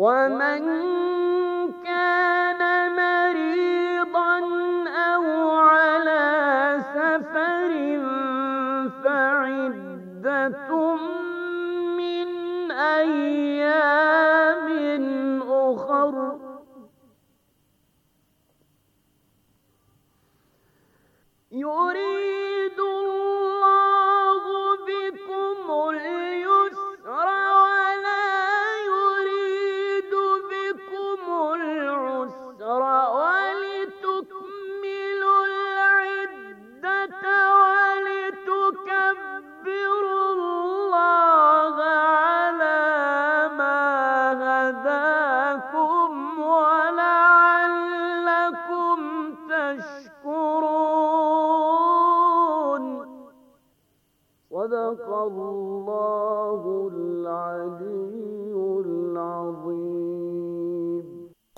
ومن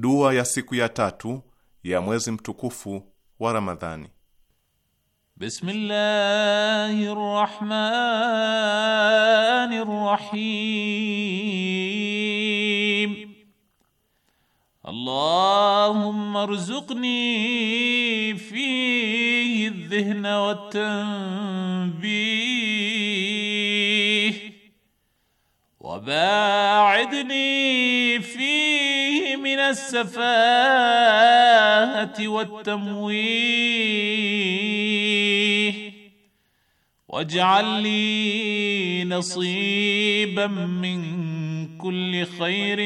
Dua ya siku ya tatu ya mwezi mtukufu wa Ramadhani. Bismillahir Rahmanir Rahim. Allahumma rzuqni fihi adh-dhihna wat-tanbih wa ba'idni fihi من السفاهه والتمويه واجعل لي نصيبا من كل خير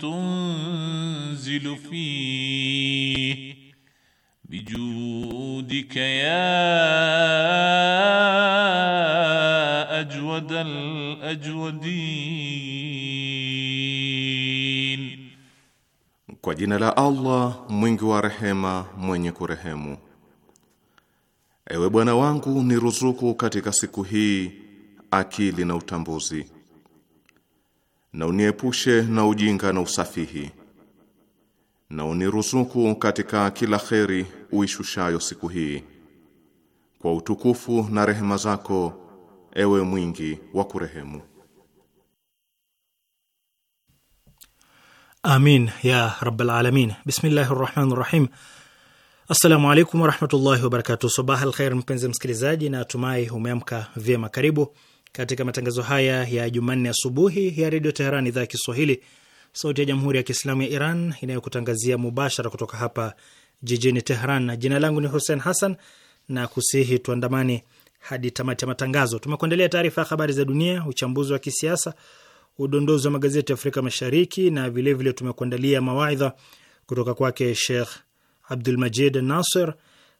تنزل فيه بجودك يا اجود الاجودين Kwa jina la Allah mwingi wa rehema mwenye kurehemu. Ewe Bwana wangu, ni ruzuku katika siku hii akili na utambuzi, na uniepushe na ujinga na usafihi, na uniruzuku katika kila kheri uishushayo siku hii, kwa utukufu na rehema zako, ewe mwingi wa kurehemu. Amin ya rabbal alamin. Bismillahi rahmani rahim. Assalamu alaikum warahmatullahi wabarakatu. Sabah alkhair, mpenzi msikilizaji, na tumai umeamka vyema. Karibu katika matangazo haya ya Jumanne asubuhi ya redio Teheran, idhaa ya Kiswahili, sauti ya jamhuri ya kiislamu ya Iran inayokutangazia mubashara kutoka hapa jijini Teheran, jina langu ni Hussein Hassan na kusihi tuandamani hadi tamati ya matangazo. Tumekuandalia taarifa ya habari za dunia, uchambuzi wa kisiasa udondozi wa magazeti ya Afrika Mashariki, na vilevile tumekuandalia mawaidha kutoka kwake Sheikh Abdul Majid Nasser,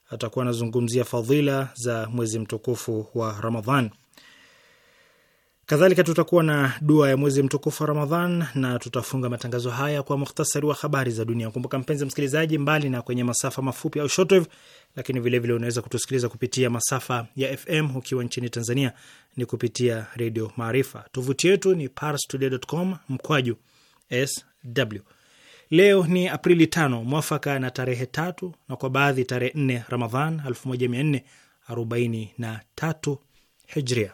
atakuwa anazungumzia fadhila za mwezi mtukufu wa Ramadhan. Kadhalika tutakuwa na dua ya mwezi mtukufu wa Ramadhan na tutafunga matangazo haya kwa muhtasari wa habari za dunia. Kumbuka mpenzi msikilizaji, mbali na kwenye masafa mafupi au shortwave, lakini vilevile unaweza kutusikiliza kupitia masafa ya FM ukiwa nchini Tanzania ni kupitia Redio Maarifa. Tovuti yetu ni parstoday.com mkwaju sw. Leo ni Aprili tano mwafaka na tarehe tatu na kwa baadhi tarehe nne Ramadhan 1443 hijria.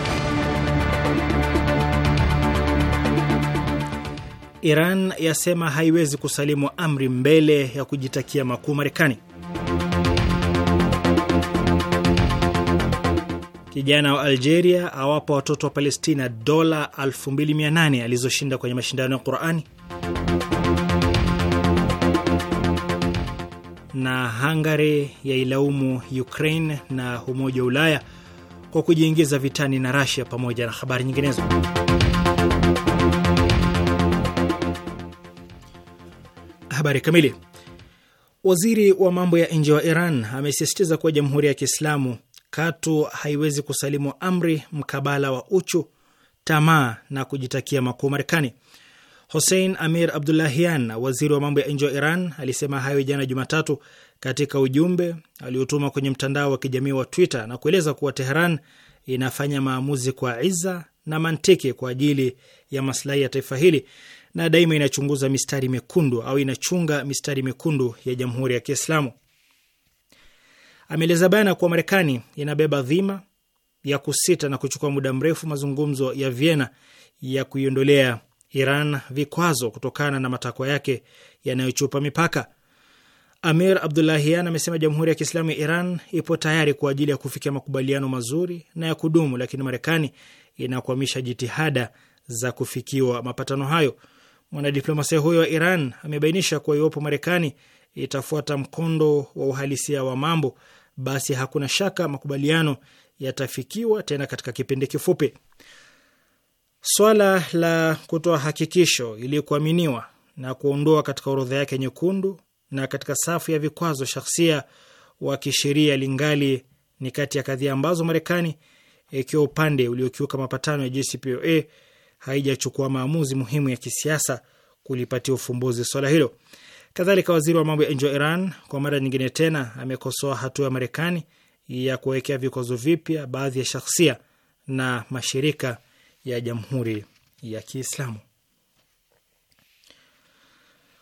Iran yasema haiwezi kusalimu amri mbele ya kujitakia makuu Marekani. Kijana wa Algeria awapa watoto wa Palestina dola 2800 alizoshinda kwenye mashindano ya Qurani. Na Hungary yailaumu Ukraine na Umoja wa Ulaya kwa kujiingiza vitani na rasia pamoja na habari nyinginezo. Habari kamili. Waziri wa mambo ya nje wa Iran amesisitiza kuwa Jamhuri ya Kiislamu katu haiwezi kusalimu amri mkabala wa uchu, tamaa na kujitakia makuu Marekani. hosein Amir Abdullahian, waziri wa mambo ya nje wa Iran, alisema hayo jana Jumatatu katika ujumbe aliotuma kwenye mtandao wa kijamii wa Twitter na kueleza kuwa Teheran inafanya maamuzi kwa iza na mantiki kwa ajili ya maslahi ya taifa hili na daima inachunguza mistari mekundu au inachunga mistari mekundu ya Jamhuri ya Kiislamu. Ameeleza bayana kuwa Marekani inabeba dhima ya kusita na kuchukua muda mrefu mazungumzo ya Vienna ya kuiondolea Iran vikwazo kutokana na matakwa yake yanayochupa mipaka. Amir Abdullahian amesema Jamhuri ya Kiislamu ya Iran ipo tayari kwa ajili ya kufikia makubaliano mazuri na ya kudumu, lakini Marekani inakwamisha jitihada za kufikiwa mapatano hayo. Mwanadiplomasia huyo wa Iran amebainisha kuwa iwapo Marekani itafuata mkondo wa uhalisia wa mambo, basi hakuna shaka makubaliano yatafikiwa tena katika kipindi kifupi. Swala la kutoa hakikisho ili kuaminiwa na kuondoa katika orodha yake nyekundu na katika safu ya vikwazo shahsia wa kisheria lingali ni kati ya kadhia ambazo Marekani ikiwa upande uliokiuka mapatano ya JCPOA haijachukua maamuzi muhimu ya kisiasa kulipatia ufumbuzi swala hilo. Kadhalika, waziri wa mambo ya nje wa Iran kwa mara nyingine tena amekosoa hatua ya Marekani ya kuwekea vikwazo vipya baadhi ya shahsia na mashirika ya Jamhuri ya Kiislamu.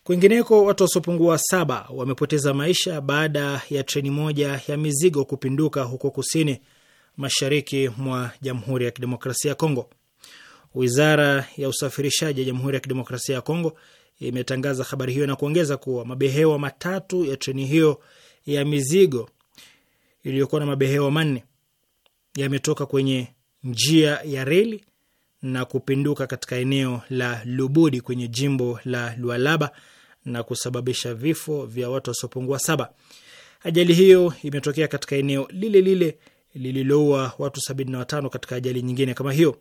Kwingineko, watu wasiopungua saba wamepoteza maisha baada ya treni moja ya mizigo kupinduka huko kusini mashariki mwa Jamhuri ya Kidemokrasia ya Kongo. Wizara ya usafirishaji ya Jamhuri ya Kidemokrasia ya Kongo imetangaza habari hiyo na kuongeza kuwa mabehewa matatu ya treni hiyo ya mizigo iliyokuwa na mabehewa manne yametoka kwenye njia ya reli na kupinduka katika eneo la Lubudi kwenye jimbo la Lualaba na kusababisha vifo vya watu wasiopungua saba. Ajali hiyo imetokea katika eneo lile lile lililoua watu sabini na watano katika ajali nyingine kama hiyo.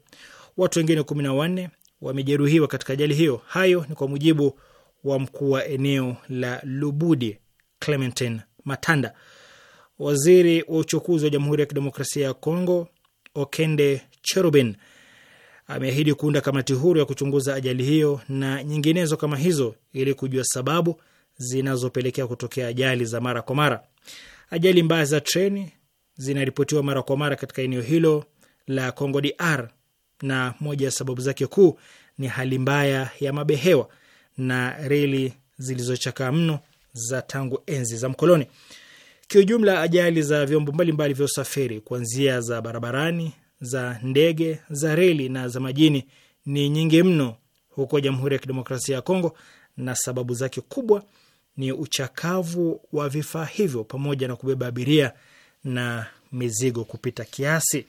Watu wengine kumi na wanne wamejeruhiwa katika ajali hiyo. Hayo ni kwa mujibu wa mkuu wa eneo la Lubudi Clementine Matanda. Waziri wa uchukuzi wa Jamhuri ya Kidemokrasia ya Kongo Okende Cherubin ameahidi kuunda kamati huru ya kuchunguza ajali hiyo na nyinginezo kama hizo ili kujua sababu zinazopelekea kutokea ajali za mara kwa mara. Ajali mbaya za treni zinaripotiwa mara kwa mara katika eneo hilo la Congo DR na moja ya sababu zake kuu ni hali mbaya ya mabehewa na reli zilizochakaa mno za tangu enzi za mkoloni. Kiujumla, ajali za vyombo mbalimbali vya usafiri kuanzia za barabarani, za ndege, za reli na za majini ni nyingi mno huko Jamhuri ya Kidemokrasia ya Kongo, na sababu zake kubwa ni uchakavu wa vifaa hivyo pamoja na kubeba abiria na mizigo kupita kiasi.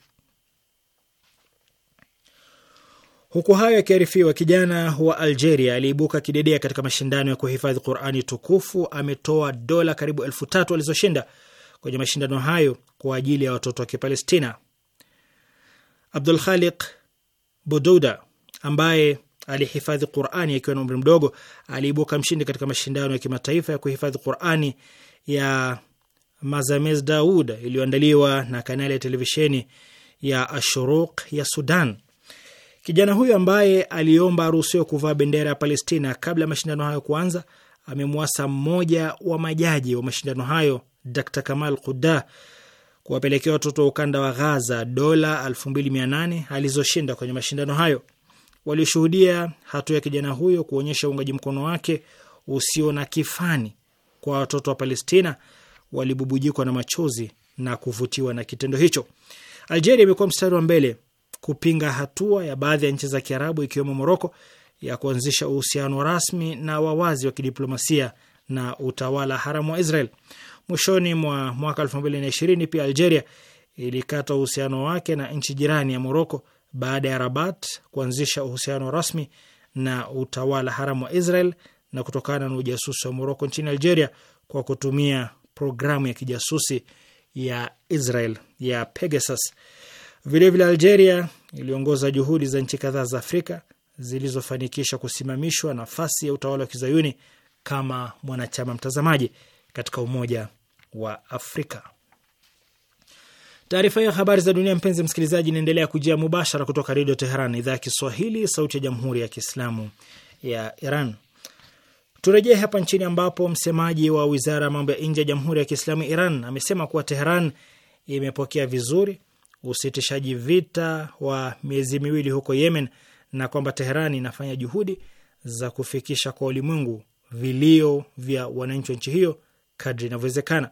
Huku hayo yakiarifiwa, kijana wa Algeria aliibuka kidedea katika mashindano ya kuhifadhi Qurani tukufu. Ametoa dola karibu elfu tatu alizoshinda kwenye mashindano hayo kwa ajili ya watoto wa Kipalestina. Abdul Khaliq Bodouda ambaye alihifadhi Qurani akiwa na umri mdogo, aliibuka mshindi katika mashindano ya kimataifa ya kuhifadhi Qurani ya Mazamez Daud iliyoandaliwa na kanali ya televisheni ya Ashuruq ya Sudan. Kijana huyo ambaye aliomba aruhusiwe kuvaa bendera ya Palestina kabla ya mashindano hayo kuanza, amemwasa mmoja wa majaji wa mashindano hayo Dr Kamal Quda kuwapelekea watoto wa ukanda wa Ghaza dola elfu alizoshinda kwenye mashindano hayo. Walioshuhudia hatua ya kijana huyo kuonyesha uungaji mkono wake usio na kifani kwa watoto wa Palestina walibubujikwa na machozi na kuvutiwa na kitendo hicho. Algeria imekuwa mstari wa mbele kupinga hatua ya baadhi ya nchi za Kiarabu ikiwemo Moroko ya kuanzisha uhusiano rasmi na wawazi wa kidiplomasia na utawala haramu wa Israel. Mwishoni mwa mwaka 2020 pia Algeria ilikata uhusiano wake na nchi jirani ya Moroko baada ya Rabat kuanzisha uhusiano rasmi na utawala haramu wa Israel na kutokana na ujasusi wa Moroko nchini Algeria kwa kutumia programu ya kijasusi ya Israel ya Pegasus. Vilevile Algeria iliongoza juhudi za nchi kadhaa za Afrika zilizofanikisha kusimamishwa nafasi ya utawala wa kizayuni kama mwanachama mtazamaji katika Umoja wa Afrika. Taarifa hiyo habari za dunia, mpenzi msikilizaji, inaendelea kujia mubashara kutoka Redio Teheran, idhaa ya Kiswahili, sauti ya Jamhuri ya Kiislamu ya Iran. Turejee hapa nchini ambapo msemaji wa wizara ya mambo ya nje ya Jamhuri ya Kiislamu Iran amesema kuwa Teheran imepokea vizuri usitishaji vita wa miezi miwili huko Yemen na kwamba Teherani inafanya juhudi za kufikisha kwa ulimwengu vilio vya wananchi wa nchi hiyo kadri inavyowezekana.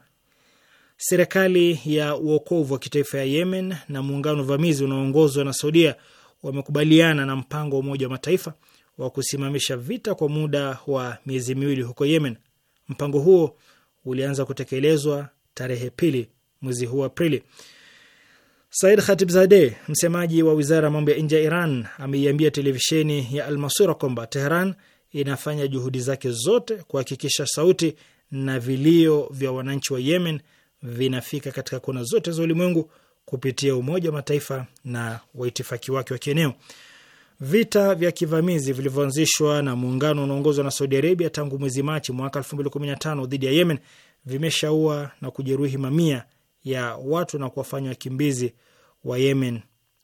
Serikali ya uokovu wa kitaifa ya Yemen na muungano vamizi unaoongozwa na Saudia wamekubaliana na mpango wa Umoja wa Mataifa wa kusimamisha vita kwa muda wa miezi miwili huko Yemen. Mpango huo ulianza kutekelezwa tarehe pili mwezi huu Aprili. Said Khatibzadeh, msemaji wa wizara ya mambo ya nje ya Iran, ameiambia televisheni ya Almasura kwamba Teheran inafanya juhudi zake zote kuhakikisha sauti na vilio vya wananchi wa Yemen vinafika katika kona zote za ulimwengu kupitia Umoja wa Mataifa na waitifaki wake wa kieneo. Vita vya kivamizi vilivyoanzishwa na muungano unaongozwa na Saudi Arabia tangu mwezi Machi mwaka 2015 dhidi ya Yemen vimeshaua na kujeruhi mamia ya watu na kuwafanya wakimbizi wa Yemen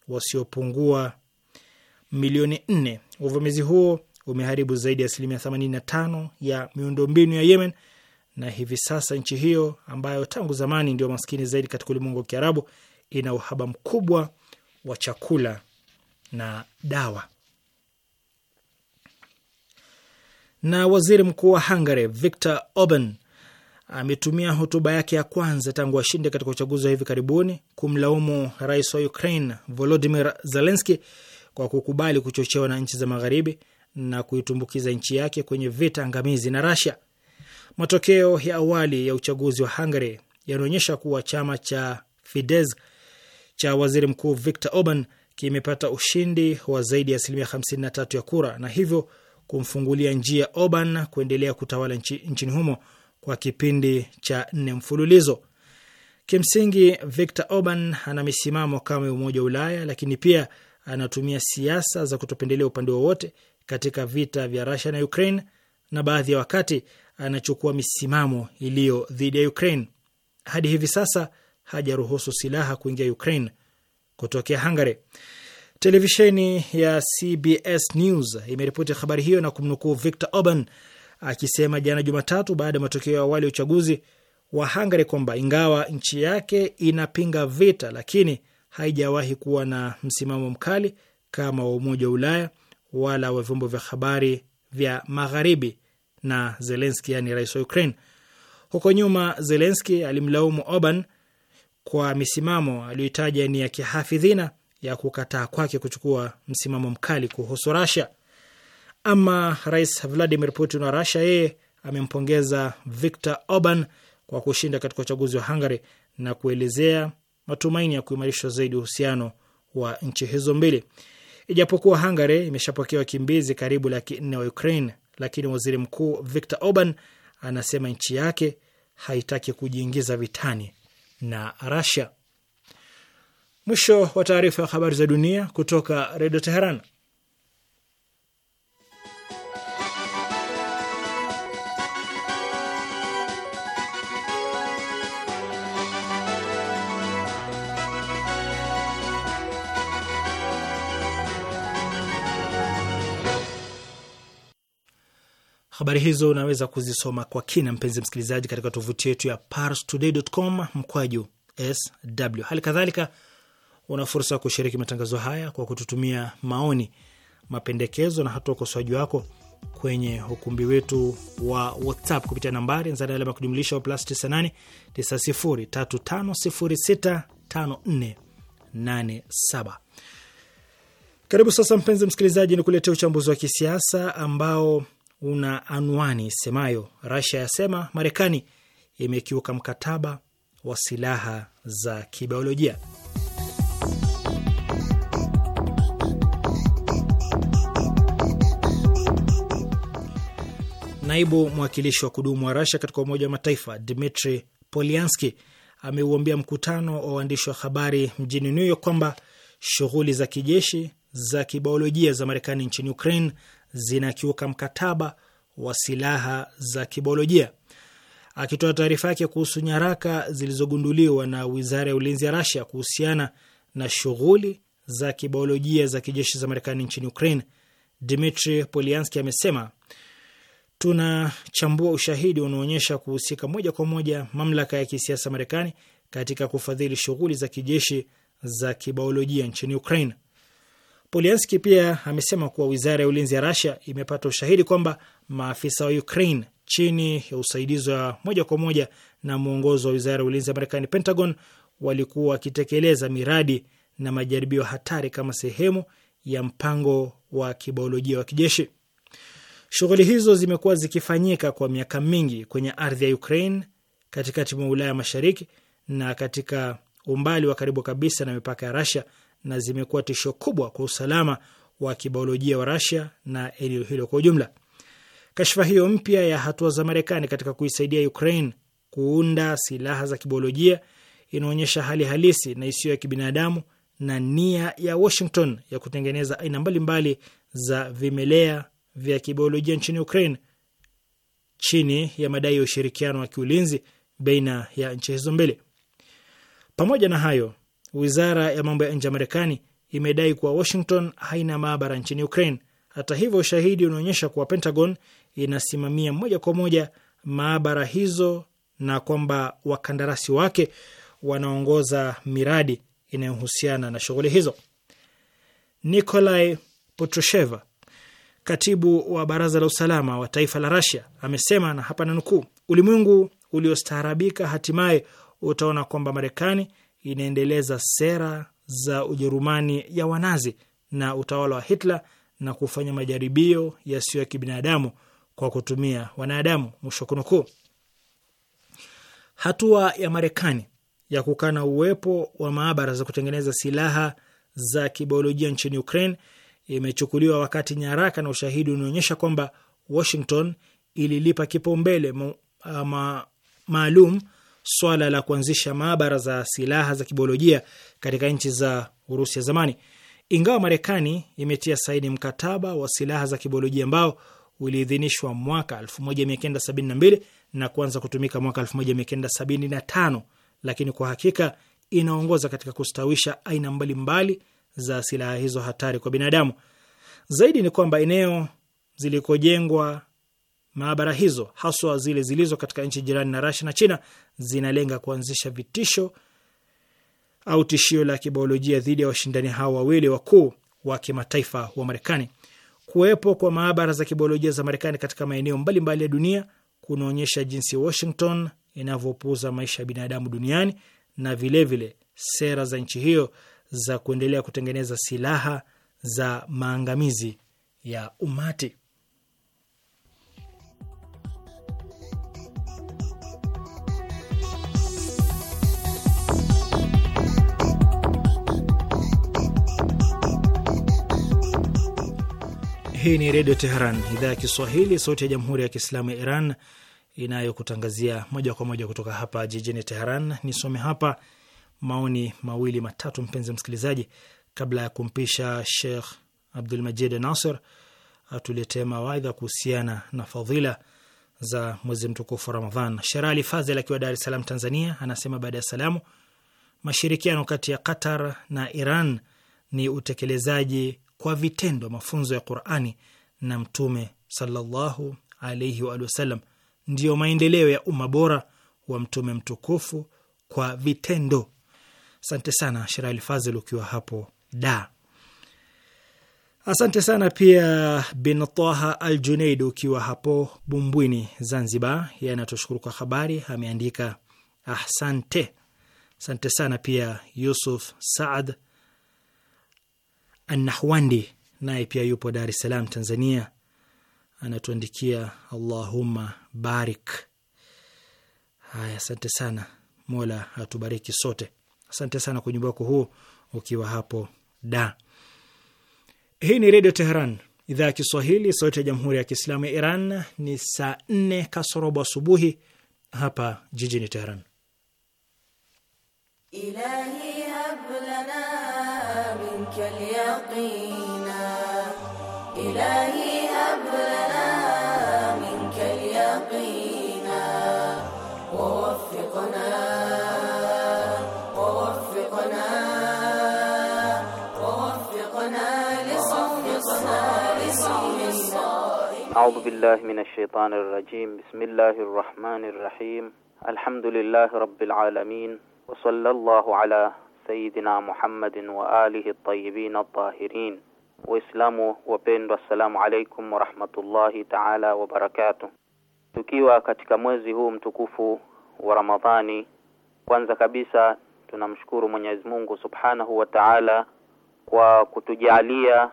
wasiopungua milioni nne. Uvamizi huo umeharibu zaidi ya asilimia 85 ya miundombinu ya Yemen na hivi sasa nchi hiyo ambayo tangu zamani ndio maskini zaidi katika ulimwengu wa Kiarabu ina uhaba mkubwa wa chakula na dawa. Na waziri mkuu wa Hungary Viktor Orban ametumia hotuba yake ya kwanza tangu ashinde katika uchaguzi wa hivi karibuni kumlaumu rais wa Ukraine Volodimir Zelenski kwa kukubali kuchochewa na nchi za Magharibi na kuitumbukiza nchi yake kwenye vita angamizi na Rasia. Matokeo ya awali ya uchaguzi wa Hungary yanaonyesha kuwa chama cha Fidesz cha waziri mkuu Viktor Orban kimepata ushindi wa zaidi ya asilimia 53 ya kura na hivyo kumfungulia njia Orban kuendelea kutawala nchi, nchini humo kwa kipindi cha nne mfululizo. Kimsingi, victo Orban ana misimamo kama Umoja wa Ulaya, lakini pia anatumia siasa za kutopendelea upande wowote katika vita vya Rusia na Ukraine, na baadhi ya wakati anachukua misimamo iliyo dhidi ya Ukraine. Hadi hivi sasa hajaruhusu silaha kuingia Ukraine kutokea Hungary. Televisheni ya CBS News imeripoti habari hiyo na kumnukuu Viktor Orban akisema jana Jumatatu baada ya matokeo ya awali ya uchaguzi wa Hungary kwamba ingawa nchi yake inapinga vita, lakini haijawahi kuwa na msimamo mkali kama wa Umoja wa Ulaya wala wa vyombo vya habari vya Magharibi na Zelenski, yani rais wa Ukraine. Huko nyuma, Zelenski alimlaumu Orban kwa misimamo aliyoitaja ni ya kihafidhina ya kukataa kwake kuchukua msimamo mkali kuhusu Russia. Ama Rais Vladimir Putin wa rasia yeye amempongeza Viktor Orban kwa kushinda katika uchaguzi wa Hungary na kuelezea matumaini ya kuimarishwa zaidi uhusiano wa nchi hizo mbili. Ijapokuwa Hungary imeshapokea wakimbizi karibu laki nne wa Ukraine, lakini waziri mkuu Viktor Orban anasema nchi yake haitaki kujiingiza vitani na rasia Mwisho wa taarifa ya habari za dunia kutoka Redio Teheran. Habari hizo unaweza kuzisoma kwa kina, mpenzi msikilizaji, katika tovuti yetu ya parstoday.com mkwaju sw. Hali kadhalika una fursa ya kushiriki matangazo haya kwa kututumia maoni, mapendekezo na hata ukosoaji wako kwenye ukumbi wetu wa WhatsApp kupitia nambari nzana alama kujumlisha plus 98 Karibu sasa, mpenzi msikilizaji, ni kuletea uchambuzi wa kisiasa ambao una anwani semayo Rasia yasema Marekani imekiuka mkataba wa silaha za kibiolojia. Naibu mwakilishi wa kudumu wa Rasia katika Umoja wa Mataifa Dmitri Polianski ameuambia mkutano wa waandishi wa habari mjini New York kwamba shughuli za kijeshi za kibiolojia za Marekani nchini Ukraine zinakiuka mkataba wa silaha za kibiolojia. Akitoa taarifa yake kuhusu nyaraka zilizogunduliwa na wizara ya ulinzi ya Rasia kuhusiana na shughuli za kibiolojia za kijeshi za Marekani nchini Ukraine, Dmitri Polianski amesema tunachambua ushahidi unaoonyesha kuhusika moja kwa moja mamlaka ya kisiasa Marekani katika kufadhili shughuli za kijeshi za kibiolojia nchini Ukraine. Polianski pia amesema kuwa wizara ya ulinzi ya Rasia imepata ushahidi kwamba maafisa wa Ukraine chini ya usaidizi wa moja kwa moja na mwongozo wa wizara ya ulinzi ya Marekani, Pentagon, walikuwa wakitekeleza miradi na majaribio hatari kama sehemu ya mpango wa kibiolojia wa kijeshi. Shughuli hizo zimekuwa zikifanyika kwa miaka mingi kwenye ardhi ya Ukraine, katikati mwa Ulaya Mashariki na katika umbali wa karibu kabisa na mipaka ya Rasia na zimekuwa tishio kubwa kwa usalama wa kibiolojia wa Rasia na eneo hilo kwa ujumla. Kashfa hiyo mpya ya hatua za Marekani katika kuisaidia Ukraine kuunda silaha za kibiolojia inaonyesha hali halisi na isiyo ya kibinadamu na nia ya Washington ya kutengeneza aina mbalimbali za vimelea vya kibiolojia nchini Ukraine chini ya madai ya ushirikiano wa kiulinzi baina ya nchi hizo mbili. Pamoja na hayo, Wizara ya mambo ya nje ya Marekani imedai kuwa Washington haina maabara nchini Ukraine. Hata hivyo, ushahidi unaonyesha kuwa Pentagon inasimamia moja kwa moja maabara hizo na kwamba wakandarasi wake wanaongoza miradi inayohusiana na shughuli hizo. Nikolai potrosheva katibu wa baraza la usalama wa taifa la Rasia, amesema na hapa nanukuu, nukuu, ulimwengu uliostaarabika hatimaye utaona kwamba Marekani inaendeleza sera za Ujerumani ya Wanazi na utawala wa Hitler na kufanya majaribio yasiyo ya kibinadamu kwa kutumia wanadamu, mwisho kunukuu. Hatua ya Marekani ya kukana uwepo wa maabara za kutengeneza silaha za kibiolojia nchini Ukraine imechukuliwa wakati nyaraka na ushahidi unaonyesha kwamba Washington ililipa kipaumbele maalum ma swala la kuanzisha maabara za silaha za kibiolojia katika nchi za Urusi ya zamani. Ingawa Marekani imetia saini mkataba wa silaha za kibiolojia ambao uliidhinishwa mwaka 1972 na kuanza kutumika mwaka 1975, lakini kwa hakika inaongoza katika kustawisha aina mbalimbali za silaha hizo hatari kwa binadamu. Zaidi ni kwamba eneo zilikojengwa Maabara hizo haswa zile zilizo katika nchi jirani na rasia na China zinalenga kuanzisha vitisho au tishio la kibiolojia dhidi ya washindani hao wawili wakuu wa kimataifa wa Marekani. Kuwepo kwa maabara za kibiolojia za Marekani katika maeneo mbalimbali ya dunia kunaonyesha jinsi Washington inavyopuuza maisha ya binadamu duniani na vilevile vile sera za nchi hiyo za kuendelea kutengeneza silaha za maangamizi ya umati. Hii ni Redio Teheran, idhaa ya Kiswahili, sauti ya Jamhuri ya Kiislamu ya Iran, inayokutangazia moja kwa moja kutoka hapa jijini Teheran. Nisome hapa maoni mawili matatu, mpenzi msikilizaji, kabla ya kumpisha Shekh Abdulmajid Nasir atuletee mawaidha kuhusiana na fadhila za mwezi mtukufu Ramadhan. Sherali Fazel akiwa Dar es Salaam, Tanzania, anasema baada ya salamu, mashirikiano kati ya Qatar na Iran ni utekelezaji kwa vitendo mafunzo ya Qurani na Mtume sallallahu alaihi waalihi wasallam ndiyo maendeleo ya umma bora wa Mtume mtukufu kwa vitendo. Asante sana Shirali Fazil ukiwa hapo da. Asante sana pia Bin Taha Al Junaid ukiwa hapo Bumbwini, Zanzibar. Yeye anatushukuru kwa habari, ameandika ahsante. Asante sana pia Yusuf Saad Anahwandi naye pia yupo Dar es Salaam, Tanzania, anatuandikia Allahumma barik. Haya, asante sana, Mola atubariki sote. Asante sana kwa ujumbe wako huu ukiwa hapo da. Hii ni Redio Teheran, idhaa ya Kiswahili, sauti ya Jamhuri ya Kiislamu ya Iran. Ni saa nne kasorobo asubuhi hapa jijini Teheran. Ilahia. ربك اليقينا إلهي هب لنا منك اليقينا ووفقنا ووفقنا ووفقنا لصوم الصائمين أعوذ بالله من الشيطان الرجيم بسم الله الرحمن الرحيم الحمد لله رب العالمين وصلى الله على sayidina Muhammadin wa alihi at-tayyibin at-tahirin. Waislamu wapendwa, assalamu alaikum warahmatullahi taala wabarakatuh. Tukiwa katika mwezi huu mtukufu wa Ramadhani, kwanza kabisa tunamshukuru Mwenyezi Mungu Subhanahu wa Ta'ala kwa kutujalia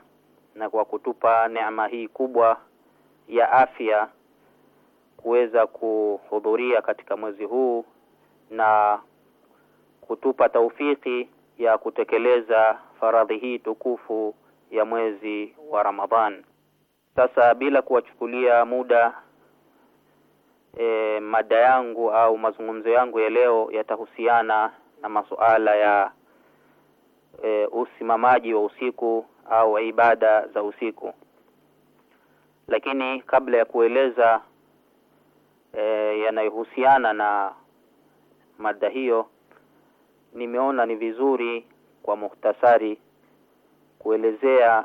na kwa kutupa neema hii kubwa ya afya kuweza kuhudhuria katika mwezi huu na kutupa taufiki ya kutekeleza faradhi hii tukufu ya mwezi wa Ramadhan. Sasa bila kuwachukulia muda e, mada yangu au mazungumzo yangu ya leo yatahusiana na masuala ya e, usimamaji wa usiku au ibada za usiku. Lakini kabla ya kueleza e, yanayohusiana na mada hiyo nimeona ni vizuri kwa muhtasari kuelezea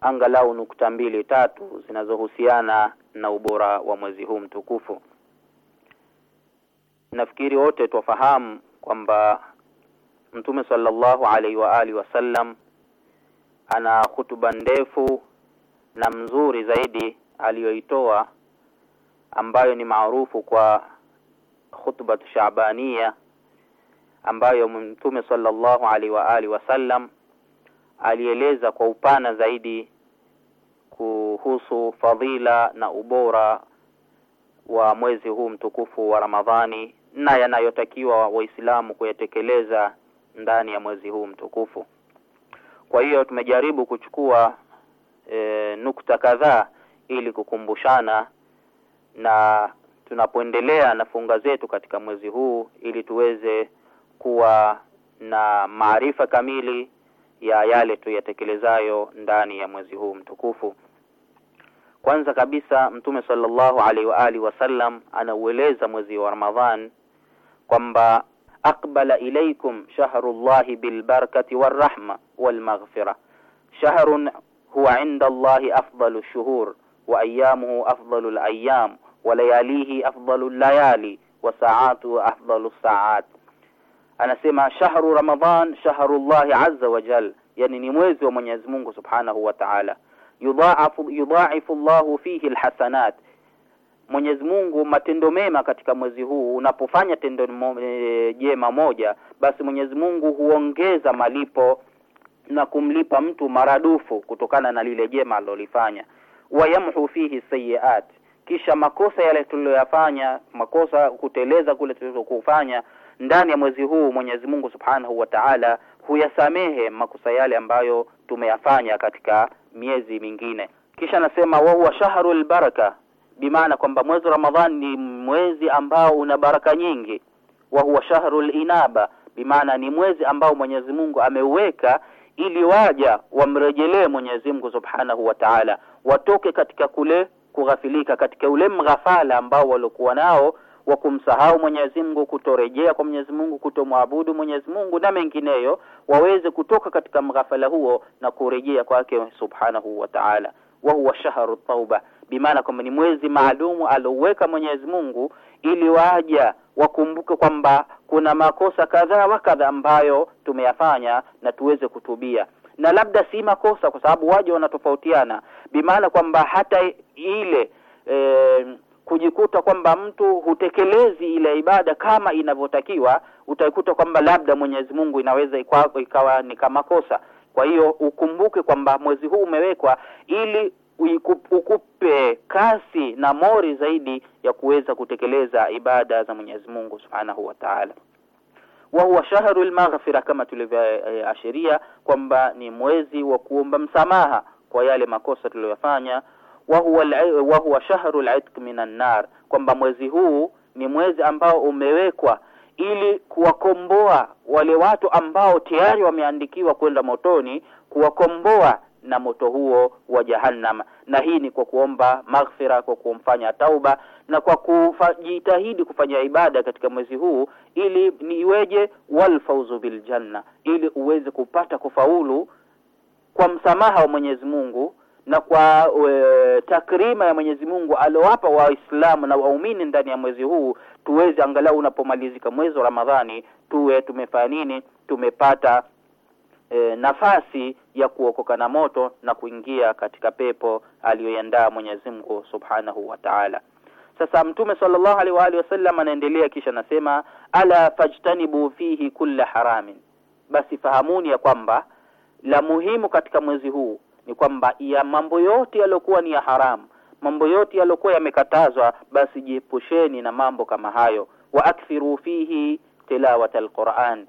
angalau nukta mbili tatu zinazohusiana na ubora wa mwezi huu mtukufu. Nafikiri wote twafahamu kwamba Mtume sallallahu alaihi wa alihi wasallam ana hutuba ndefu na mzuri zaidi aliyoitoa ambayo ni maarufu kwa khutbatu shabania ambayo Mtume sallallahu alaihi wa alihi wasallam alieleza kwa upana zaidi kuhusu fadhila na ubora wa mwezi huu mtukufu wa Ramadhani na yanayotakiwa Waislamu kuyatekeleza ndani ya mwezi huu mtukufu. Kwa hiyo tumejaribu kuchukua e, nukta kadhaa ili kukumbushana na tunapoendelea na funga zetu katika mwezi huu ili tuweze kuwa na maarifa kamili ya yale tuyatekelezayo ndani ya mwezi huu mtukufu. Kwanza kabisa Mtume sallallahu alaihi wa alihi wasallam anaueleza mwezi wa Ramadhan kwamba aqbala ilaykum shahrullahi bilbarakati warrahma walmaghfira shahrun huwa inda Allahi afdalu shuhur wa ayamuhu afdalu alayam wa layalihi afdalu layali wa saatuhu afdalu saat anasema shahru Ramadhan shahrullahi azza wa jal, yani ni mwezi wa Mwenyezi Mungu subhanahu wa ta'ala. Yudhaafu yudhaifu Allahu fihi alhasanat, Mwenyezi Mungu matendo mema katika mwezi huu. Unapofanya tendo e, jema moja, basi Mwenyezi Mungu huongeza malipo na kumlipa mtu maradufu kutokana na lile jema alilolifanya. Wayamhu fihi sayiat, kisha makosa yale tuliyoyafanya, makosa kuteleza kule tuliokufanya ndani ya mwezi huu Mwenyezi Mungu Subhanahu wa Ta'ala huyasamehe makosa yale ambayo tumeyafanya katika miezi mingine. Kisha anasema wa huwa shahrul baraka, bimaana kwamba mwezi Ramadhani ni mwezi ambao una baraka nyingi. Wa huwa shahrul inaba, bimaana ni mwezi ambao Mwenyezi Mungu ameuweka ili waja wamrejelee Mwenyezi Mungu Subhanahu wa Ta'ala, watoke katika kule kughafilika, katika ule mghafala ambao waliokuwa nao wa kumsahau Mwenyezi Mungu, kutorejea kwa Mwenyezi Mungu, kutomwabudu Mwenyezi Mungu na mengineyo, waweze kutoka katika mghafala huo na kurejea kwake subhanahu wa ta'ala. Wa huwa shahru tauba, bimaana kwamba ni mwezi maalumu alioweka Mwenyezi Mungu ili waja wakumbuke kwamba kuna makosa kadhaa wa kadha ambayo tumeyafanya na tuweze kutubia na labda si makosa, kwa sababu waja wanatofautiana, bimaana kwamba hata ile e, kujikuta kwamba mtu hutekelezi ile ibada kama inavyotakiwa utaikuta kwamba labda Mwenyezi Mungu inaweza ikwako ikawa ni kama kosa kwa hiyo ukumbuke kwamba mwezi huu umewekwa ili ukupe kasi na mori zaidi ya kuweza kutekeleza ibada za Mwenyezi Mungu Subhanahu wa Ta'ala wa huwa shahru lmaghfira kama tulivyoashiria kwamba ni mwezi wa kuomba msamaha kwa yale makosa tuliyofanya wa huwa shahru al-itq minan nar, kwamba mwezi huu ni mwezi ambao umewekwa ili kuwakomboa wale watu ambao tayari wameandikiwa kwenda motoni, kuwakomboa na moto huo wa jahannam. Na hii ni kwa kuomba maghfira, kwa kumfanya tauba na kwa kujitahidi kufanya ibada katika mwezi huu, ili ni iweje, walfauzu biljanna, ili uweze kupata kufaulu kwa msamaha wa Mwenyezi Mungu na kwa e, takrima ya Mwenyezi Mungu aliowapa Waislamu na waumini ndani ya mwezi huu, tuweze angalau unapomalizika mwezi wa Ramadhani tuwe tumefanya nini, tumepata e, nafasi ya kuokoka na moto na kuingia katika pepo aliyoiandaa Mwenyezi Mungu Subhanahu wa Ta'ala. Sasa Mtume sallallahu alaihi wa alihi wasallam anaendelea kisha anasema, ala fajtanibu fihi kulla haramin, basi fahamuni ya kwamba la muhimu katika mwezi huu ni kwamba ya mambo yote yaliyokuwa ni ya haramu, mambo yote yaliyokuwa yamekatazwa, basi jiepusheni na mambo kama hayo. Wa akthiru fihi tilawata alquran,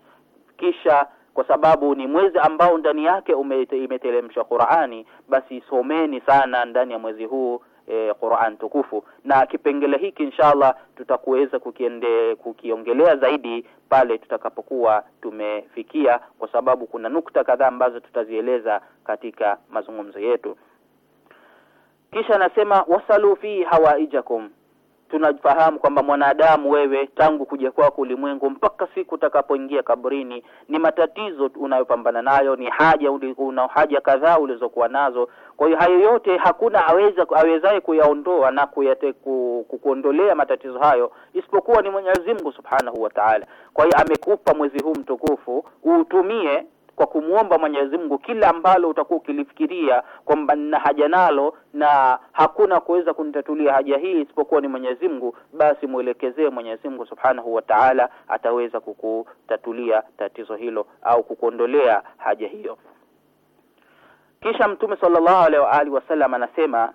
kisha kwa sababu ni mwezi ambao ndani yake imetelemshwa Qur'ani, basi someni sana ndani ya mwezi huu e, Qur'an tukufu, na kipengele hiki inshallah tutakuweza kukiende kukiongelea zaidi pale tutakapokuwa tumefikia, kwa sababu kuna nukta kadhaa ambazo tutazieleza katika mazungumzo yetu. Kisha anasema wasalu fi hawaijakum tunafahamu kwamba mwanadamu wewe tangu kuja kwako ulimwengu mpaka siku utakapoingia kabrini ni matatizo unayopambana nayo ni haja una haja kadhaa ulizokuwa nazo kwa hiyo hayo yote hakuna aweza awezaye kuyaondoa na kuyate, ku, kukuondolea matatizo hayo isipokuwa ni Mwenyezi Mungu Subhanahu wa Ta'ala kwa hiyo amekupa mwezi huu mtukufu uutumie kwa kumwomba Mwenyezi Mungu kila ambalo utakuwa ukilifikiria kwamba nina haja nalo na hakuna kuweza kunitatulia haja hii isipokuwa ni Mwenyezi Mungu, basi mwelekezee Mwenyezi Mungu Subhanahu wa Ta'ala, ataweza kukutatulia tatizo hilo au kukuondolea haja hiyo. Kisha Mtume sallallahu alaihi wa alihi wasallam anasema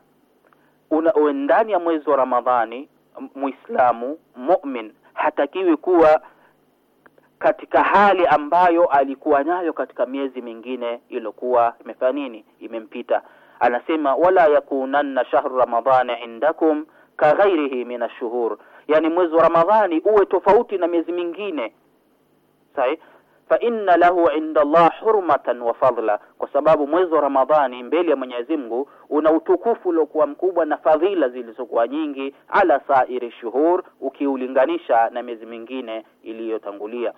una ndani ya mwezi wa Ramadhani, Muislamu mu'min hatakiwi kuwa katika hali ambayo alikuwa nayo katika miezi mingine iliyokuwa imefanya nini imempita anasema wala yakunanna shahru ramadhani indakum kaghairihi min ashuhur yani mwezi wa ramadhani uwe tofauti na miezi mingine sahi fa inna lahu inda Allah hurmatan wa fadla, kwa sababu mwezi wa Ramadhani mbele ya Mwenyezi Mungu una utukufu uliokuwa mkubwa na fadhila zilizokuwa nyingi, ala sairi shuhur, ukiulinganisha na miezi mingine iliyotangulia.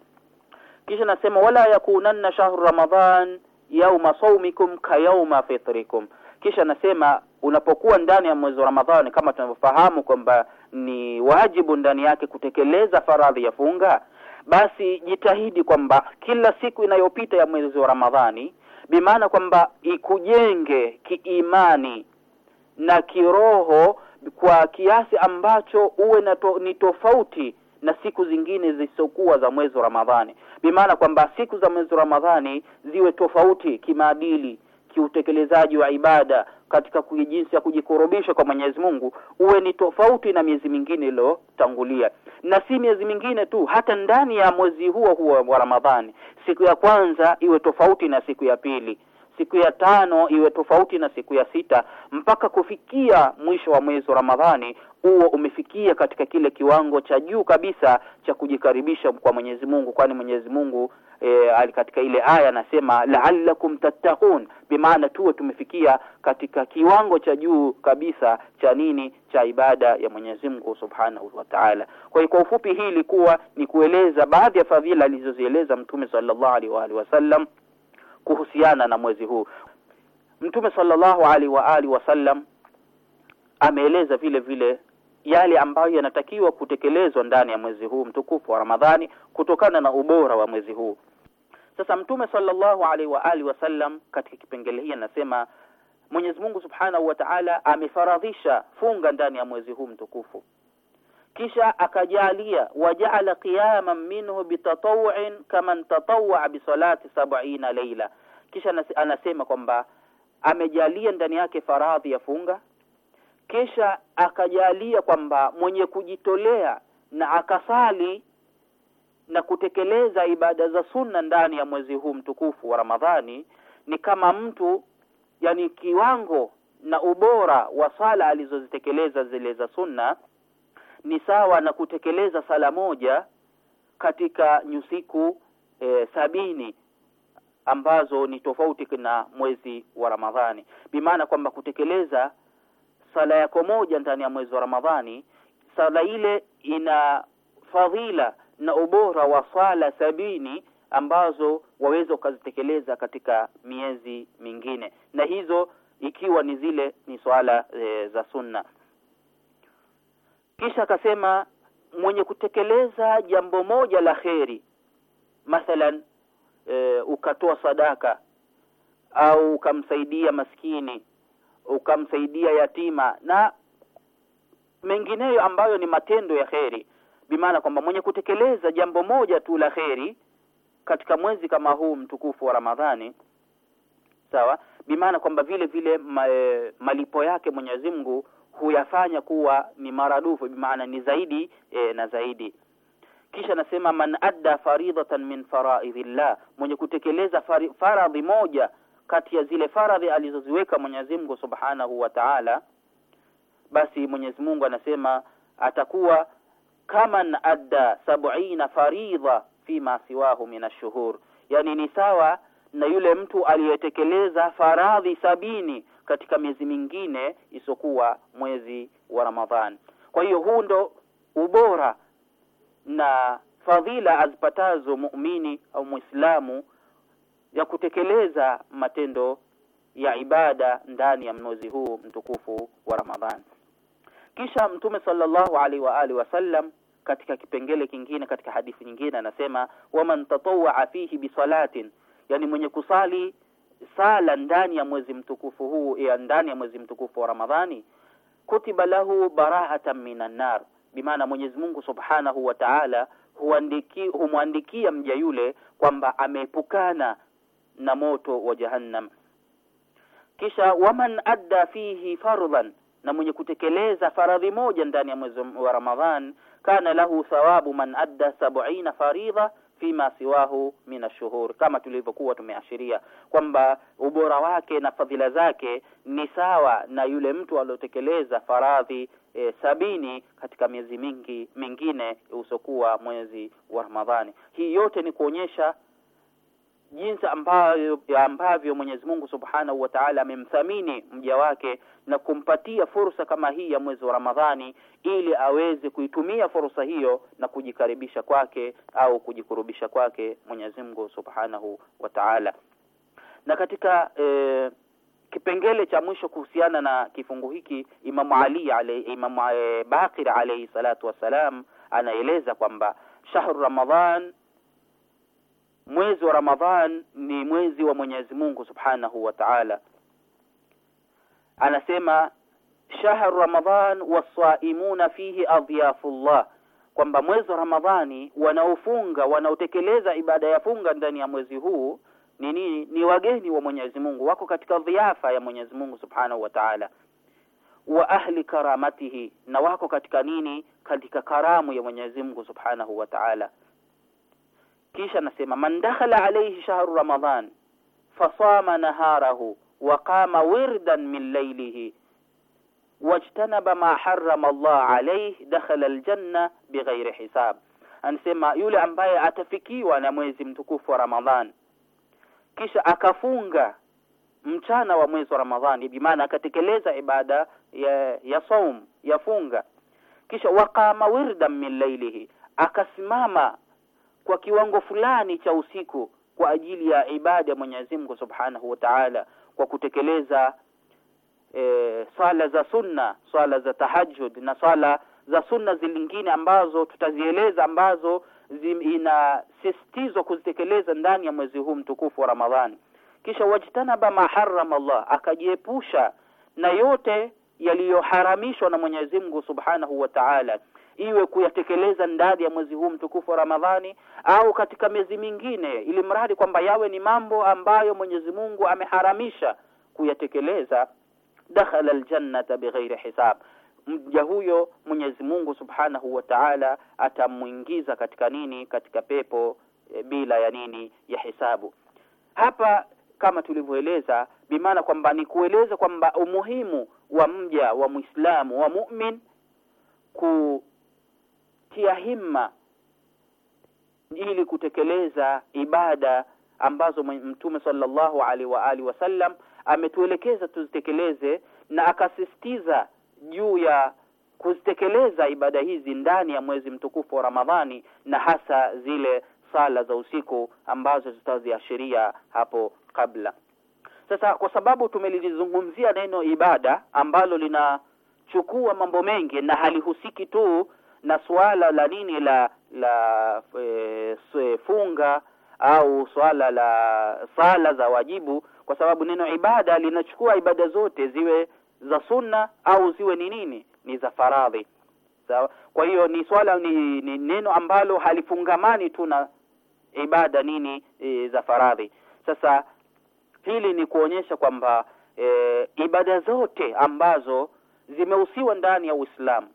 Kisha nasema wala yakunanna shahru Ramadhan yauma saumikum kayauma fitrikum. Kisha nasema unapokuwa ndani ya mwezi wa Ramadhani, kama tunavyofahamu kwamba ni wajibu ndani yake kutekeleza faradhi ya funga basi jitahidi kwamba kila siku inayopita ya mwezi wa Ramadhani bimaana kwamba ikujenge kiimani na kiroho kwa kiasi ambacho uwe na to, ni tofauti na siku zingine zisizokuwa za mwezi wa Ramadhani, bimaana kwamba siku za mwezi wa Ramadhani ziwe tofauti kimaadili, kiutekelezaji wa ibada katika jinsi ya kujikurubisha kwa Mwenyezi Mungu uwe ni tofauti na miezi mingine iliyotangulia, na si miezi mingine tu, hata ndani ya mwezi huo huo wa Ramadhani, siku ya kwanza iwe tofauti na siku ya pili, siku ya tano iwe tofauti na siku ya sita mpaka kufikia mwisho wa mwezi wa Ramadhani huo umefikia katika kile kiwango cha juu kabisa cha kujikaribisha kwa Mwenyezi Mungu kwani Mwenyezi Mungu e, katika ile aya anasema la'allakum tattaqun bimaana tuwe tumefikia katika kiwango cha juu kabisa cha nini cha ibada ya Mwenyezi Mungu Subhanahu wa Ta'ala kwa hiyo kwa ufupi hii ilikuwa ni kueleza baadhi ya fadhila alizozieleza Mtume sallallahu alaihi wa alihi wasallam kuhusiana na mwezi huu. Mtume sallallahu alaihi wa alihi wasallam ameeleza vile vile yale ambayo yanatakiwa kutekelezwa ndani ya mwezi huu mtukufu wa Ramadhani kutokana na ubora wa mwezi huu. Sasa Mtume sallallahu alaihi wa alihi wasallam katika kipengele hii anasema Mwenyezi Mungu Subhanahu wa Ta'ala amefaradhisha funga ndani ya mwezi huu mtukufu kisha akajalia wajaala qiyaman minhu bitatawuin kaman tatawaa bisalati sabina leila, kisha anasema kwamba amejalia ndani yake faradhi ya funga, kisha akajalia kwamba mwenye kujitolea na akasali na kutekeleza ibada za sunna ndani ya mwezi huu mtukufu wa Ramadhani ni kama mtu yani, kiwango na ubora wa sala alizozitekeleza zile za sunna ni sawa na kutekeleza sala moja katika nyusiku e, sabini ambazo ni tofauti na mwezi wa Ramadhani, bimaana kwamba kutekeleza sala yako moja ndani ya mwezi wa Ramadhani, sala ile ina fadhila na ubora wa sala sabini ambazo waweza ukazitekeleza katika miezi mingine, na hizo ikiwa ni zile ni swala e, za sunna. Kisha akasema mwenye kutekeleza jambo moja la kheri, mathalan e, ukatoa sadaka au ukamsaidia maskini, ukamsaidia yatima na mengineyo ambayo ni matendo ya kheri, bimaana kwamba mwenye kutekeleza jambo moja tu la kheri katika mwezi kama huu mtukufu wa Ramadhani, sawa, bimaana kwamba vile vile ma, e, malipo yake Mwenyezi Mungu huyafanya kuwa ni maradufu bimaana ni zaidi e, na zaidi kisha nasema man adda faridatan min faraidhillah mwenye kutekeleza faradhi moja kati ya zile faradhi alizoziweka Mwenyezi Mungu Subhanahu wa Ta'ala basi Mwenyezi Mungu anasema atakuwa kaman adda sab'ina faridha fima siwahu min ashuhur yani ni sawa na yule mtu aliyetekeleza faradhi sabini katika miezi mingine isokuwa mwezi wa Ramadhan. Kwa hiyo huu ndo ubora na fadhila azipatazo muumini au Muislamu ya kutekeleza matendo ya ibada ndani ya mnozi huu mtukufu wa Ramadhani. Kisha Mtume sallallahu alaihi wa alihi wasallam katika kipengele kingine, katika hadithi nyingine anasema, waman tatawwa fihi bisalatin, yani mwenye kusali sala ndani ya mwezi mtukufu huu ya ndani ya mwezi mtukufu wa Ramadhani, kutiba lahu bara'atan minan nar, bimaana Mwenyezi Mungu Subhanahu wa Ta'ala huandiki humwandikia mja yule kwamba ameepukana na moto wa Jahannam. Kisha waman adda fihi fardhan, na mwenye kutekeleza faradhi moja ndani ya mwezi wa Ramadhan, kana lahu thawabu man adda sab'ina faridha fima siwahu min shuhur, kama tulivyokuwa tumeashiria kwamba ubora wake na fadhila zake ni sawa na yule mtu aliyotekeleza faradhi e, sabini katika miezi mingi mingine usokuwa mwezi wa Ramadhani. Hii yote ni kuonyesha jinsi ambavyo, ambavyo Mwenyezi Mungu Subhanahu wa Ta'ala amemthamini mja wake na kumpatia fursa kama hii ya mwezi wa Ramadhani ili aweze kuitumia fursa hiyo na kujikaribisha kwake au kujikurubisha kwake Mwenyezi Mungu Subhanahu wa Ta'ala. Na katika e, kipengele cha mwisho kuhusiana na kifungu hiki Imamu Ali alayhi Imamu e, Baqir alayhi salatu wassalam anaeleza kwamba shahru Ramadhan mwezi wa Ramadhan ni mwezi wa Mwenyezi Mungu Subhanahu wa Ta'ala. Anasema shahru Ramadhan wasaimuna fihi adhyafullah, kwamba mwezi wa Ramadhani wanaofunga wanaotekeleza ibada ya funga ndani ya mwezi huu ni nini? Ni wageni wa Mwenyezi Mungu, wako katika dhiafa ya Mwenyezi Mungu Subhanahu wa Ta'ala. Wa ahli karamatihi, na wako katika nini? Katika karamu ya Mwenyezi Mungu Subhanahu wa Ta'ala kisha anasema man dakhala alayhi shahru ramadan fasama naharahu wa qama wirdan min laylihi wajtanaba ma harrama Allah alayhi dakhala aljanna bighairi hisab, anasema yule ambaye atafikiwa na mwezi mtukufu wa Ramadhan kisha akafunga mchana wa mwezi wa Ramadhani, bi maana akatekeleza ibada ya, ya saum ya funga, kisha waqama wirdan min lailihi, akasimama kwa kiwango fulani cha usiku kwa ajili ya ibada ya Mwenyezi Mungu Subhanahu wa Ta'ala kwa kutekeleza e, swala za sunna, swala za tahajjud na swala za sunna zilingine ambazo tutazieleza ambazo inasisitizwa kuzitekeleza ndani ya mwezi huu mtukufu wa Ramadhani. Kisha wajtanaba maharram Allah, akajiepusha na yote yaliyoharamishwa na Mwenyezi Mungu Subhanahu wa Ta'ala iwe kuyatekeleza ndani ya mwezi huu mtukufu wa Ramadhani au katika miezi mingine, ili mradi kwamba yawe ni mambo ambayo Mwenyezi Mungu ameharamisha kuyatekeleza. Dakhala aljannata bighairi hisab, mja huyo Mwenyezi Mungu Subhanahu wa Ta'ala atamwingiza katika nini? Katika pepo e, bila ya nini? Ya hisabu. Hapa kama tulivyoeleza, bimaana kwamba ni kueleza kwamba umuhimu wa mja wa Muislamu wa mu'min kutia himma ili kutekeleza ibada ambazo Mtume sallallahu alaihi wa alihi wasallam ametuelekeza tuzitekeleze, na akasisitiza juu ya kuzitekeleza ibada hizi ndani ya mwezi mtukufu wa Ramadhani, na hasa zile sala za usiku ambazo tutaziashiria hapo kabla. Sasa kwa sababu tumelizungumzia neno ibada ambalo linachukua mambo mengi na halihusiki tu na suala la nini la la e, e funga au suala la sala za wajibu, kwa sababu neno ibada linachukua ibada zote, ziwe za sunna au ziwe ni nini, ni za faradhi. Sawa. Kwa hiyo ni swala ni, ni neno ambalo halifungamani tu na ibada nini e, za faradhi. Sasa Hili ni kuonyesha kwamba e, ibada zote ambazo zimehusiwa ndani ya Uislamu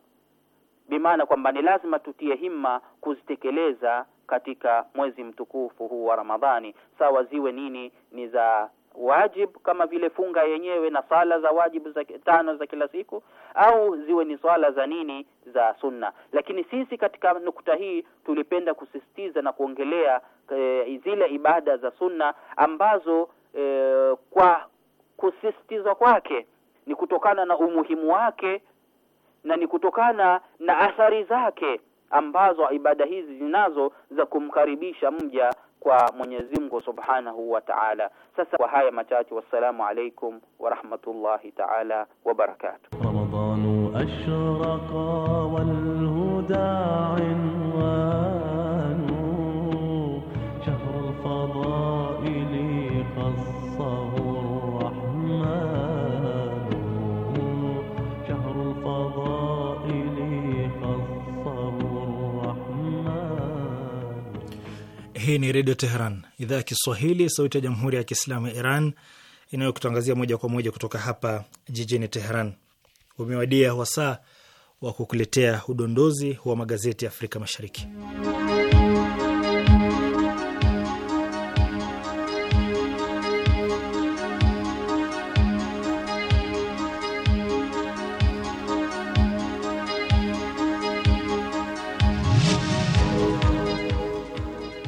bimaana kwamba ni lazima tutie himma kuzitekeleza katika mwezi mtukufu huu wa Ramadhani, sawa ziwe nini, ni za wajib kama vile funga yenyewe na sala za wajibu za tano za kila siku, au ziwe ni swala za nini za sunna. Lakini sisi katika nukta hii tulipenda kusisitiza na kuongelea e, zile ibada za sunna ambazo e, kwa kusisitizwa kwake ni kutokana na umuhimu wake na ni kutokana na athari zake ambazo ibada hizi zinazo za kumkaribisha mja kwa Mwenyezi Mungu Subhanahu wa Ta'ala. Sasa kwa haya machache, wassalamu alaykum wa rahmatullahi ta'ala wa barakatuh. Ramadanu ashraqa wal huda Hii ni Redio Teheran, idhaa ya Kiswahili, sauti ya Jamhuri ya Kiislamu ya Iran inayokutangazia moja kwa moja kutoka hapa jijini Teheran. Umewadia wasaa wa kukuletea udondozi wa magazeti ya Afrika Mashariki.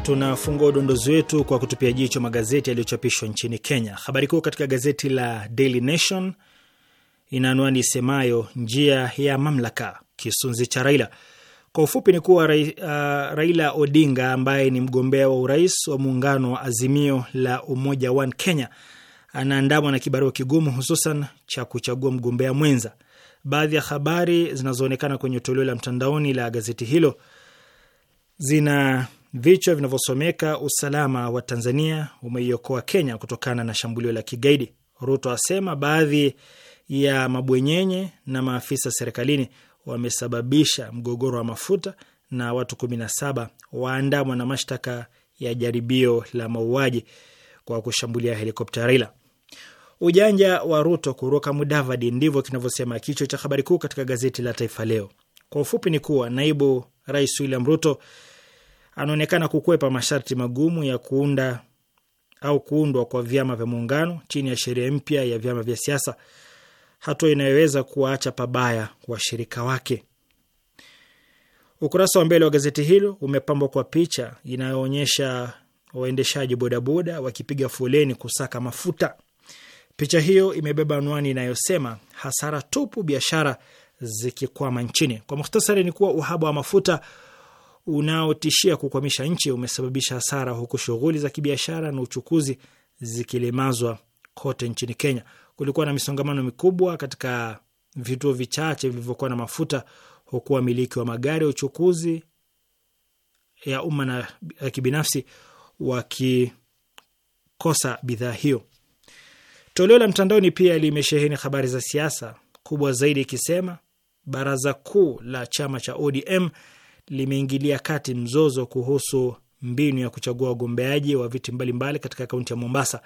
Tunafungua udondozi wetu kwa kutupia jicho magazeti yaliyochapishwa nchini Kenya. Habari kuu katika gazeti la Daily Nation ina anwani isemayo njia ya mamlaka, kisunzi cha Raila. Kwa ufupi ni kuwa ra uh, Raila Odinga ambaye ni mgombea wa urais wa muungano wa Azimio la Umoja One Kenya anaandamwa na kibarua kigumu, hususan cha kuchagua mgombea mwenza. Baadhi ya habari zinazoonekana kwenye toleo la mtandaoni la gazeti hilo zina vichwa vinavyosomeka usalama wa Tanzania umeiokoa Kenya kutokana na shambulio la kigaidi, Ruto asema baadhi ya mabwenyenye na maafisa serikalini wamesababisha mgogoro wa mafuta, na watu saba waandamwa na mashtaka ya jaribio la mauaji kwa kushambulia helikopta Raila. Ujanja wa Ruto kuruka Mudavadi, ndivyo kinavyosema kichwa cha habari kuu katika gazeti la Taifa Leo. Kwa ufupi ni kuwa naibu rais William Ruto anaonekana kukwepa masharti magumu ya kuunda au kuundwa kwa vyama vya muungano chini ya sheria mpya ya vyama vya siasa, hatua inayoweza kuwaacha pabaya washirika wake. Ukurasa wa mbele wa gazeti hilo umepambwa kwa picha inayoonyesha waendeshaji bodaboda wakipiga foleni kusaka mafuta. Picha hiyo imebeba anwani inayosema hasara tupu biashara zikikwama nchini. Kwa muhtasari, ni kuwa uhaba wa mafuta unaotishia kukwamisha nchi umesababisha hasara, huku shughuli za kibiashara na uchukuzi zikilemazwa kote nchini Kenya. Kulikuwa na misongamano mikubwa katika vituo vichache vilivyokuwa na mafuta, huku wamiliki wa magari ya uchukuzi ya umma na ya kibinafsi wakikosa bidhaa hiyo. Toleo la mtandaoni pia limesheheni habari za siasa kubwa zaidi ikisema baraza kuu la chama cha ODM limeingilia kati mzozo kuhusu mbinu ya kuchagua wagombeaji wa viti mbalimbali katika kaunti ya Mombasa.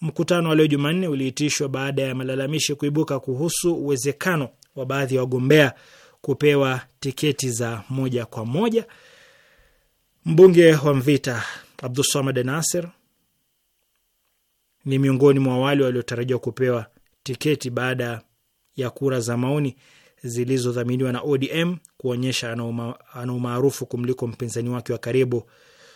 Mkutano wa leo Jumanne uliitishwa baada ya malalamishi kuibuka kuhusu uwezekano wa baadhi ya wagombea kupewa tiketi za moja kwa moja. Mbunge wa Mvita abdusamad Nasir ni miongoni mwa wale waliotarajiwa kupewa tiketi baada ya kura za maoni zilizodhaminiwa na ODM kuonyesha ana umaarufu kumliko mpinzani wake wa karibu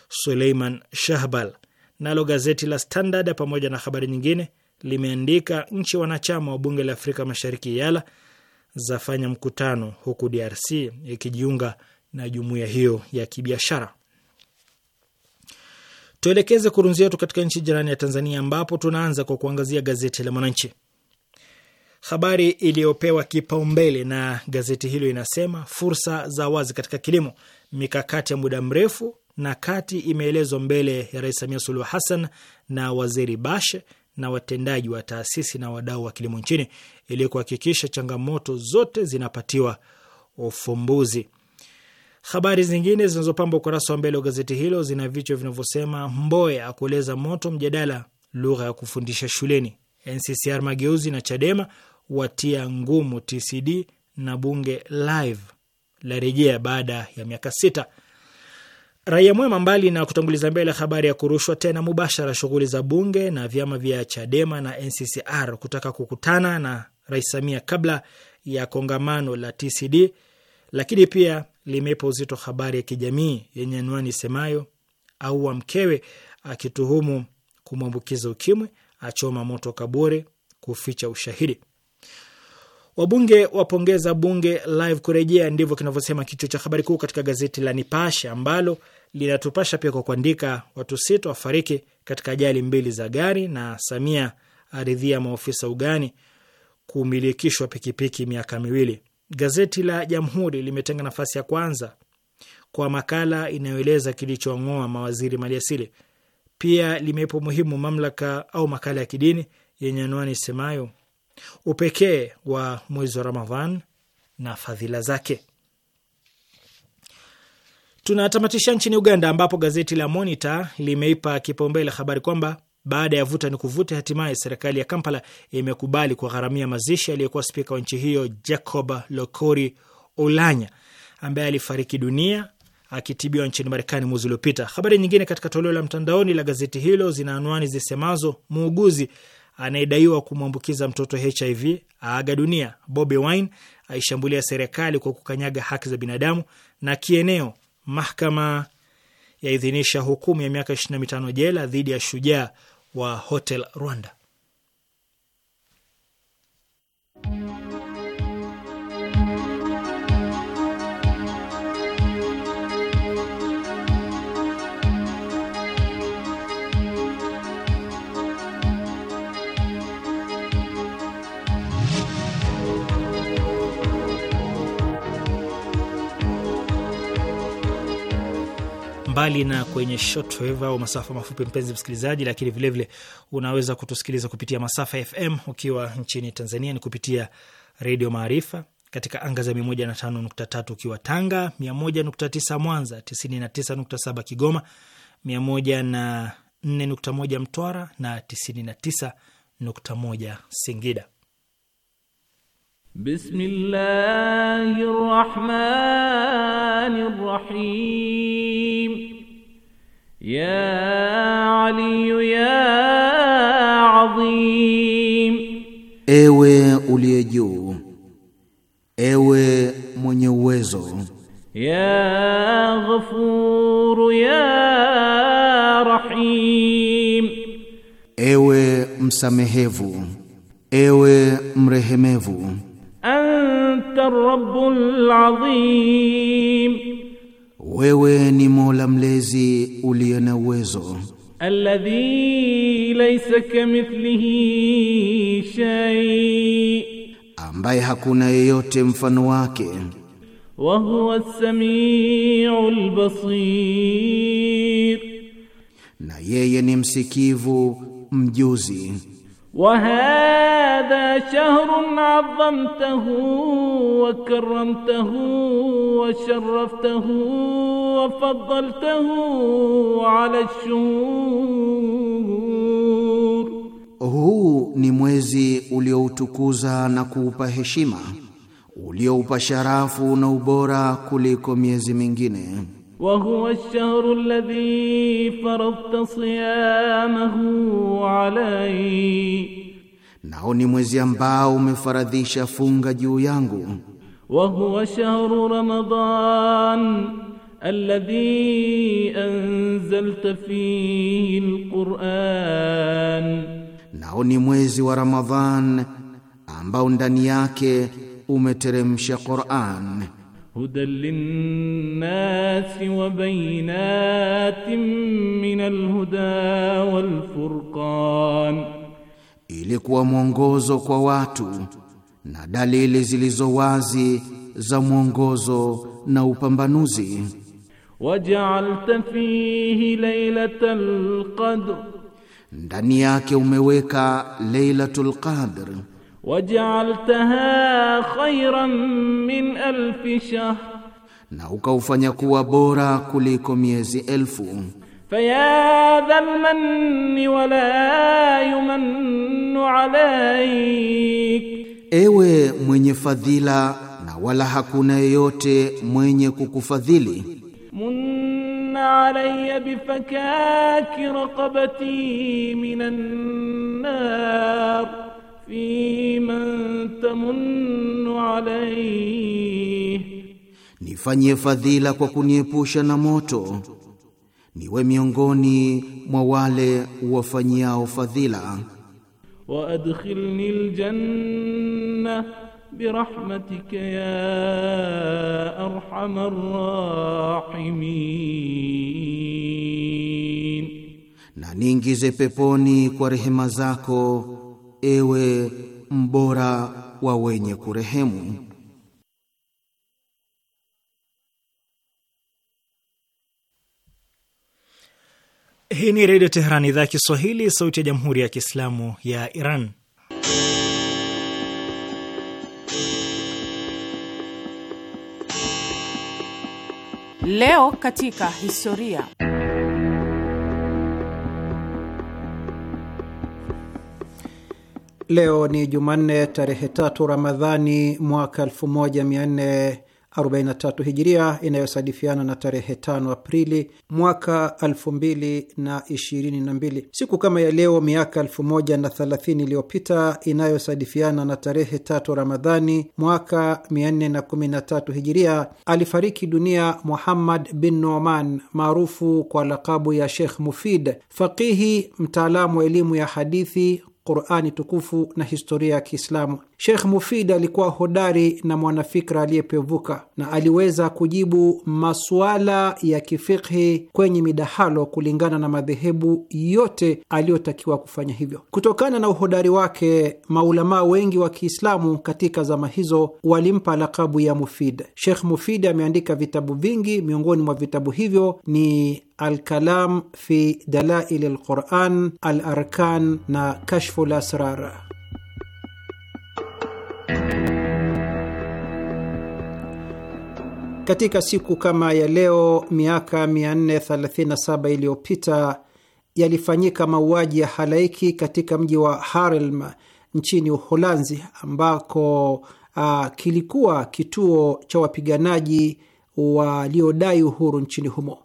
Suleiman Shahbal. Nalo gazeti la Standard pamoja na habari nyingine limeandika nchi wanachama wa bunge la Afrika Mashariki yala zafanya mkutano huku DRC ikijiunga na jumuiya hiyo ya kibiashara. Tuelekeze kurunzi yetu katika nchi jirani ya Tanzania, ambapo tunaanza kwa kuangazia gazeti la Mwananchi Habari iliyopewa kipaumbele na gazeti hilo inasema fursa za wazi katika kilimo, mikakati ya muda mrefu na kati imeelezwa mbele ya Rais Samia Suluhu Hassan na waziri Bashe na watendaji wa taasisi na wadau wa kilimo nchini ili kuhakikisha changamoto zote zinapatiwa ufumbuzi. Habari zingine zinazopamba ukurasa wa mbele wa gazeti hilo zina vichwa vinavyosema Mboya akueleza moto mjadala lugha ya kufundisha shuleni, NCCR Mageuzi na Chadema watia ngumu TCD na bunge live la rejea baada ya miaka sita. Raia Mwema, mbali na kutanguliza mbele habari ya kurushwa tena mubashara shughuli za bunge na vyama vya Chadema na NCCR kutaka kukutana na Rais Samia kabla ya kongamano la TCD, lakini pia limepa uzito habari ya kijamii yenye anwani semayo aua mkewe akituhumu kumwambukiza ukimwi, achoma moto kaburi kuficha ushahidi. Wabunge wapongeza bunge live kurejea, ndivyo kinavyosema kichwa cha habari kuu katika gazeti la Nipashe ambalo linatupasha pia kwa kuandika watu sita wafariki katika ajali mbili za gari, na Samia aridhia maofisa ugani kumilikishwa pikipiki miaka miwili. Gazeti la Jamhuri limetenga nafasi ya kwanza kwa makala inayoeleza kilichong'oa mawaziri maliasili. Pia limepo umuhimu mamlaka au makala ya kidini yenye anwani semayo upekee wa mwezi wa Ramadhan na fadhila zake. Tunatamatisha nchini Uganda, ambapo gazeti la Monitor limeipa kipaumbele habari kwamba baada ya vuta ni kuvute, hatimaye serikali ya Kampala imekubali kugharamia mazishi aliyekuwa spika wa nchi hiyo Jacob Lokori Olanya ambaye alifariki dunia akitibiwa nchini Marekani mwezi uliopita. Habari nyingine katika toleo la mtandaoni la gazeti hilo zina anwani zisemazo muuguzi anayedaiwa kumwambukiza mtoto HIV aaga dunia. Bobi Wine aishambulia serikali kwa kukanyaga haki za binadamu. Na kieneo, mahakama yaidhinisha hukumu ya miaka 25 jela dhidi ya shujaa wa Hotel Rwanda. mbali na kwenye shortwave au masafa mafupi, mpenzi msikilizaji, lakini vilevile vile unaweza kutusikiliza kupitia masafa FM ukiwa nchini Tanzania ni kupitia Redio Maarifa katika anga za 105.3 ukiwa Tanga, 101.9 Mwanza, 99.7 Kigoma, 104.1 Mtwara na 99.1 Singida. بسم الله الرحمن الرحيم يا علي يا عظيم ewe uliye juu ewe mwenye uwezo ya ghafur ya rahim ewe msamehevu ewe mrehemevu rabbul azim, wewe ni Mola mlezi uliye na uwezo. Alladhi laysa kamithlihi shay, ambaye hakuna yeyote mfano wake. Wa huwa as-sami'ul basir, na yeye ni msikivu mjuzi. وهذا شهر عظمته وكرمته وشرفته وفضلته على الشهور huu ni mwezi ulioutukuza na kuupa heshima ulioupa sharafu na ubora kuliko miezi mingine وهو الشهر الذي فرضت siamahu alai, nao ni mwezi ambao umefaradhisha funga juu yangu. وهو شهر رمضان الذي أنزلت فيه القرآن nao ni mwezi wa Ramadhan ambao ndani yake umeteremsha Qur'an هدى للناس وبينات من الهدى والفرقان ili kuwa mwongozo kwa watu na dalili zilizo wazi za mwongozo na upambanuzi. Wajaalta fihi lailatal qadr, ndani yake umeweka lailatul qadr wajaltaha khairan min alf shahr, na ukaufanya kuwa bora kuliko miezi elfu. Faya dhal manni wala yumannu alaik, ewe mwenye fadhila na wala hakuna yeyote mwenye kukufadhili. Munna alayya bifakaki raqabati minan nar في man tamunnu alayh, nifanyie fadhila kwa kuniepusha na moto, niwe miongoni mwa wale uwafanyiao fadhila. Wa adkhilni aljanna birahmatika ya arhamar rahimin, na niingize peponi kwa rehema zako ewe mbora wa wenye kurehemu. Hii ni Redio Teheran, idhaa ya Kiswahili, sauti ya Jamhuri ya Kiislamu ya Iran. Leo katika historia Leo ni Jumanne tarehe tatu Ramadhani mwaka 1443 Hijiria, inayosadifiana na tarehe 5 Aprili mwaka 2022. Siku kama ya leo miaka 1030 iliyopita, inayosadifiana na tarehe tatu Ramadhani mwaka 413 Hijiria, alifariki dunia Muhammad bin Noman maarufu kwa lakabu ya Sheikh Mufid, faqihi, mtaalamu wa elimu ya hadithi Qurani tukufu na historia ya Kiislamu. Sheikh Mufid alikuwa hodari na mwanafikra aliyepevuka na aliweza kujibu masuala ya kifikhi kwenye midahalo kulingana na madhehebu yote aliyotakiwa kufanya hivyo. Kutokana na uhodari wake, maulamaa wengi wa Kiislamu katika zama hizo walimpa lakabu ya Mufid. Sheikh Mufid ameandika vitabu vingi, miongoni mwa vitabu hivyo ni Alkalam fi Dalail Lquran, Alarkan na Kashfu Lasrar. Katika siku kama ya leo miaka 437 iliyopita yalifanyika mauaji ya halaiki katika mji wa Harlem nchini Uholanzi, ambako uh, kilikuwa kituo cha wapiganaji waliodai uhuru nchini humo.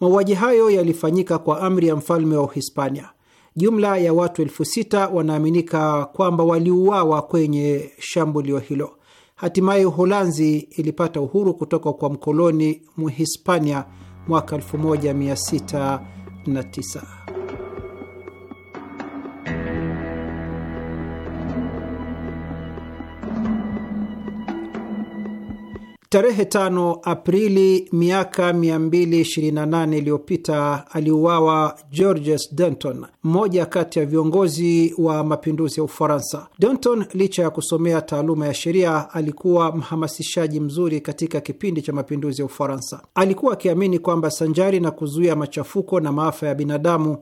Mauaji hayo yalifanyika kwa amri ya mfalme wa Uhispania. Jumla ya watu elfu sita wanaaminika kwamba waliuawa kwenye shambulio hilo. Hatimaye Uholanzi ilipata uhuru kutoka kwa mkoloni Mhispania mwaka 1609. Tarehe tano Aprili miaka 228 iliyopita aliuawa Georges Danton, mmoja kati ya viongozi wa mapinduzi ya Ufaransa. Danton, licha ya kusomea taaluma ya sheria, alikuwa mhamasishaji mzuri katika kipindi cha mapinduzi ya Ufaransa. Alikuwa akiamini kwamba sanjari na kuzuia machafuko na maafa ya binadamu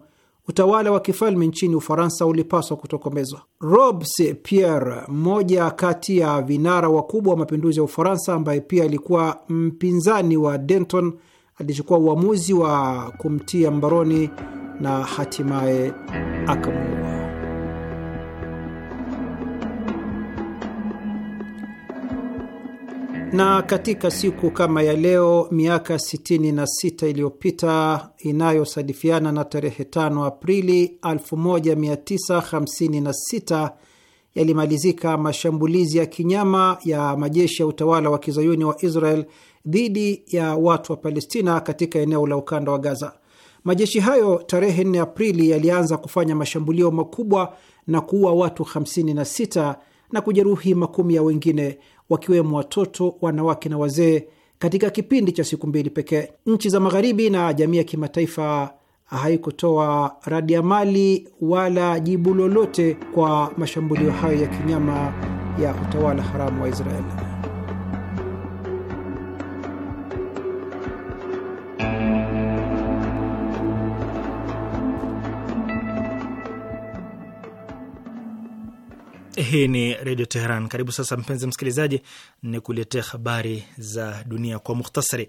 utawala wa kifalme nchini Ufaransa ulipaswa kutokomezwa. Robespierre, mmoja kati ya vinara wakubwa wa mapinduzi ya Ufaransa, ambaye pia alikuwa mpinzani wa Danton, alichukua uamuzi wa kumtia mbaroni na hatimaye akamuua. Na katika siku kama ya leo miaka 66 iliyopita inayosadifiana na tarehe 5 Aprili 1956 yalimalizika mashambulizi ya kinyama ya majeshi ya utawala wa kizayuni wa Israel dhidi ya watu wa Palestina katika eneo la ukanda wa Gaza. Majeshi hayo tarehe 4 Aprili yalianza kufanya mashambulio makubwa na kuua watu 56 na kujeruhi makumi ya wengine wakiwemo watoto, wanawake na wazee katika kipindi cha siku mbili pekee. Nchi za Magharibi na jamii ya kimataifa haikutoa radiamali wala jibu lolote kwa mashambulio hayo ya kinyama ya utawala haramu wa Israeli. Hii ni Redio Teheran. Karibu sasa, mpenzi msikilizaji, ni kuletea habari za dunia kwa muhtasari.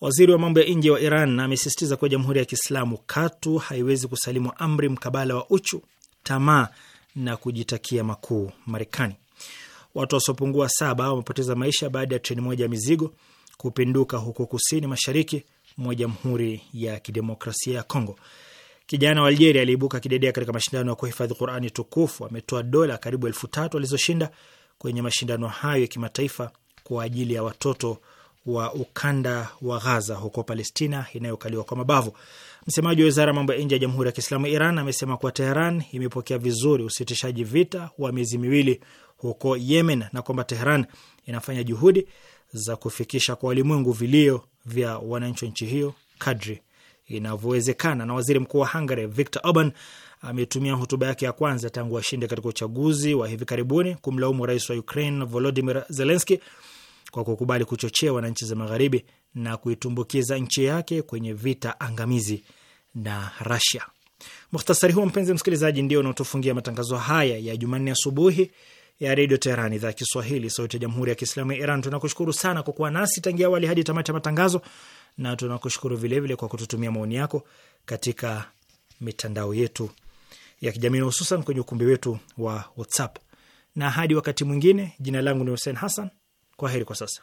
Waziri wa mambo ya nje wa Iran amesisitiza kuwa Jamhuri ya Kiislamu katu haiwezi kusalimu amri mkabala wa uchu, tamaa na kujitakia makuu Marekani. Watu wasiopungua saba wamepoteza maisha baada ya treni moja ya mizigo kupinduka huko kusini mashariki mwa Jamhuri ya Kidemokrasia ya Kongo. Kijana wa Algeria aliibuka kidedea katika mashindano ya kuhifadhi Qurani tukufu. Ametoa dola karibu elfu tatu alizoshinda kwenye mashindano hayo ya kimataifa kwa ajili ya watoto wa ukanda wa Ghaza huko Palestina inayokaliwa kwa mabavu. Msemaji wa wizara ya mambo ya nje ya Jamhuri ya Kiislamu Iran amesema kuwa Teheran imepokea vizuri usitishaji vita wa miezi miwili huko Yemen na kwamba Teheran inafanya juhudi za kufikisha kwa walimwengu vilio vya wananchi wa nchi hiyo kadri inavyowezekana. Na waziri mkuu wa Hungary Viktor Orban ametumia hotuba yake ya kwanza tangu ashinde katika uchaguzi wa hivi karibuni kumlaumu rais wa Ukraine Volodimir Zelenski kwa kukubali kuchochewa na nchi za Magharibi na kuitumbukiza nchi yake kwenye vita angamizi na Rasia. Mukhtasari huo mpenzi msikilizaji, ndio unaotufungia matangazo haya ya Jumanne asubuhi ya Redio Teheran, idhaa ya Kiswahili, sauti ya Jamhuri ya Kiislamu ya Iran. Tunakushukuru sana kwa kuwa nasi tangia awali hadi tamati ya matangazo, na tunakushukuru vilevile kwa kututumia maoni yako katika mitandao yetu ya kijamii na hususan kwenye ukumbi wetu wa WhatsApp. Na hadi wakati mwingine, jina langu ni Hussein Hassan. Kwa heri kwa sasa.